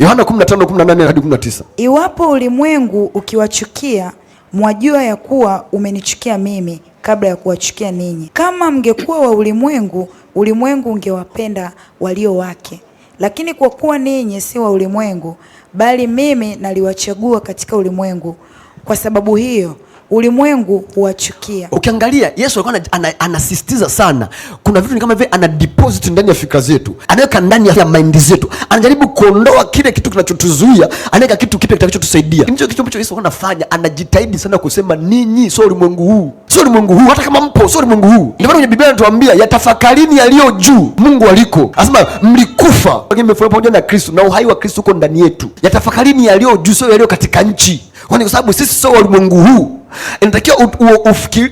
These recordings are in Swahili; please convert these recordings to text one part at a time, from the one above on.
Yohana 15:18 hadi 19. Iwapo ulimwengu ukiwachukia, mwajua ya kuwa umenichukia mimi kabla ya kuwachukia ninyi. Kama mngekuwa wa ulimwengu, ulimwengu ungewapenda walio wake, lakini kwa kuwa ninyi si wa ulimwengu, bali mimi naliwachagua katika ulimwengu, kwa sababu hiyo ulimwengu huwachukia. Ukiangalia Yesu alikuwa anasisitiza sana, kuna vitu ni kama vile ana deposit ndani ya fikra zetu, anaweka ndani ya mind zetu, anajaribu kuondoa kile kitu kinachotuzuia, anaweka kitu kipya kitakachotusaidia. Ndicho kitu ambacho Yesu alikuwa anafanya, anajitahidi sana kusema ninyi sio ulimwengu huu, sio ulimwengu huu, hata kama mpo sio ulimwengu huu. Ndio maana kwenye Biblia anatuambia yatafakarini yaliyo juu, Mungu aliko, anasema mlikufa, mmefufuliwa pamoja na Kristo na uhai wa Kristo uko ndani yetu. Yatafakarini yaliyo juu, sio yaliyo katika nchi, kwani kwa sababu sisi sio ulimwengu huu inatakiwa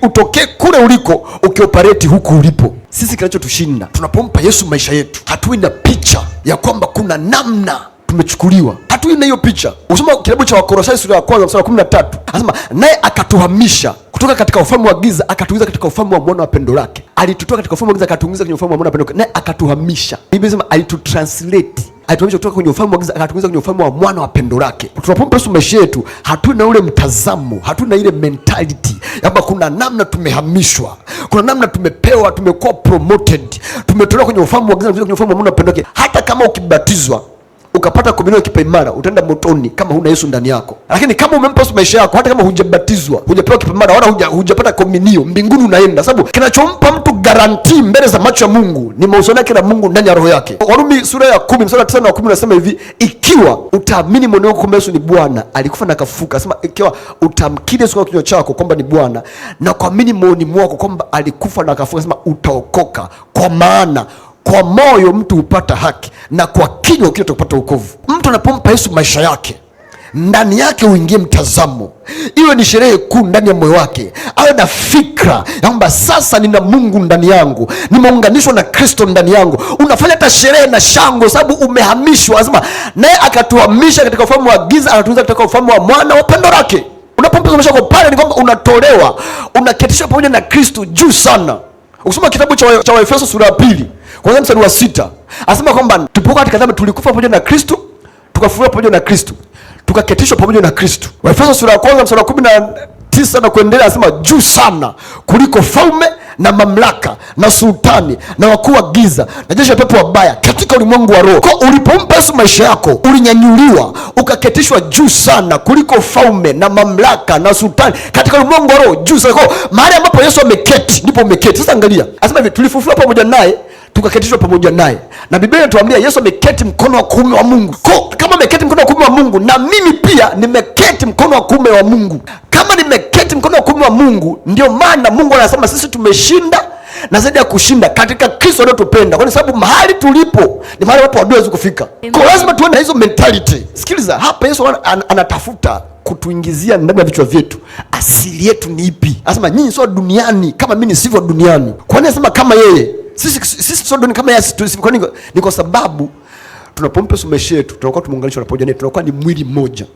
utokee kule uliko ukiopareti huku ulipo. Sisi kinachotushinda tunapompa Yesu maisha yetu, hatui na picha ya kwamba kuna namna tumechukuliwa hatui na hiyo picha. Usoma kitabu cha Wakolosai sura ya kwanza mstari wa kumi na tatu anasema naye akatuhamisha kutoka katika ufalme wa giza akatuingiza katika ufalme wa mwana wa pendo lake. Alitutoa katika ufalme wa giza akatuingiza kwenye ufalme wa mwana wa pendo lake, naye akatuhamisha. Biblia inasema alitutranslate alituamisha kutoka kwenye ufalme wa giza akatuingiza kwenye ufalme wa mwana wa pendo lake. Tunapohusu maisha yetu, hatuna ule mtazamo, hatuna ile mentality kwamba kuna namna tumehamishwa, kuna namna tumepewa, tumekuwa promoted, tumetolewa kwenye ufalme wa giza kwenye ufalme wa mwana wa pendo lake. Hata kama ukibatizwa ukapata kuinuliwa kipaimara, utaenda motoni kama huna Yesu ndani yako. Lakini kama umempa Yesu maisha yako, hata kama hujabatizwa, hujapewa kipaimara wala huja, hujapata kominio, mbinguni unaenda, sababu kinachompa mtu garanti mbele za macho ya Mungu ni mahusiano yake na Mungu ndani ya roho yake. Warumi sura ya kumi mstari wa tisa na kumi unasema hivi, ikiwa utaamini moyoni wako kwamba Yesu ni Bwana, alikufa na kafuka. Anasema ikiwa utamkiri Yesu kwa kinywa chako kwamba ni Bwana na kuamini moyoni mwako kwamba alikufa na kafuka, anasema utaokoka, kwa maana kwa moyo mtu hupata haki na kwa kinywa kile tukupata wokovu. Mtu anapompa Yesu maisha yake, ndani yake uingie mtazamo, iwe ni sherehe kuu ndani ya moyo wake, awe na fikra ya kwamba sasa nina Mungu ndani yangu, nimeunganishwa na Kristo ndani yangu. Unafanya hata sherehe na shangwe, sababu umehamishwa. Lazima naye akatuhamisha katika ufalme wa giza, akatunza katika ufalme wa mwana wa pendo lake. Unapompa maisha yako pale, ni kwamba unatolewa, unaketishwa pamoja na Kristo juu sana. Ukisoma kitabu cha, cha Waefeso sura ya pili kwanza mstari wa sita anasema kwamba tulipokuwa katika dhambi tulikufa pamoja na Kristo, tukafufuliwa pamoja na Kristo, tukaketishwa pamoja na Kristo. Waefeso sura ya kwanza mstari wa kumi na tisa na kuendelea anasema juu sana kuliko falme na mamlaka na sultani na wakuu wa giza na jeshi la pepo wabaya katika ulimwengu wa roho. Kwa ulipompa Yesu maisha yako, ulinyanyuliwa ukaketishwa juu sana kuliko ufalme na mamlaka na sultani katika ulimwengu wa roho, juu sana. Kwa mahali ambapo Yesu ameketi, ndipo umeketi sasa. Angalia, anasema hivi, tulifufuliwa pamoja naye tukaketishwa pamoja naye, na Biblia inatuambia Yesu ameketi mkono wa kuume wa Mungu. Kwa kama ameketi mkono wa wa Mungu, na mimi pia nimeketi mkono wa kuume wa Mungu. Kama nimeketi mkono wa kuume wa Mungu, ndio maana Mungu anasema sisi tumeshinda na zaidi ya kushinda katika Kristo anayotupenda, kwa sababu mahali tulipo ni mahali watu hawawezi kufika. Kwa lazima tuwe na hizo mentality. Sikiliza hapa, Yesu an, an, anatafuta kutuingizia ndani ya vichwa vyetu asili yetu ni ipi. Anasema nyinyi sio duniani kama mimi nisivyo duniani. Kwa nini anasema kama yeye? Sisi sisi sio duniani kama yeye. Ni kwa sababu tunapompa sumeshetu yetu tunakuwa tumeunganishwa na pamoja naye, yaani tunakuwa ni mwili mmoja.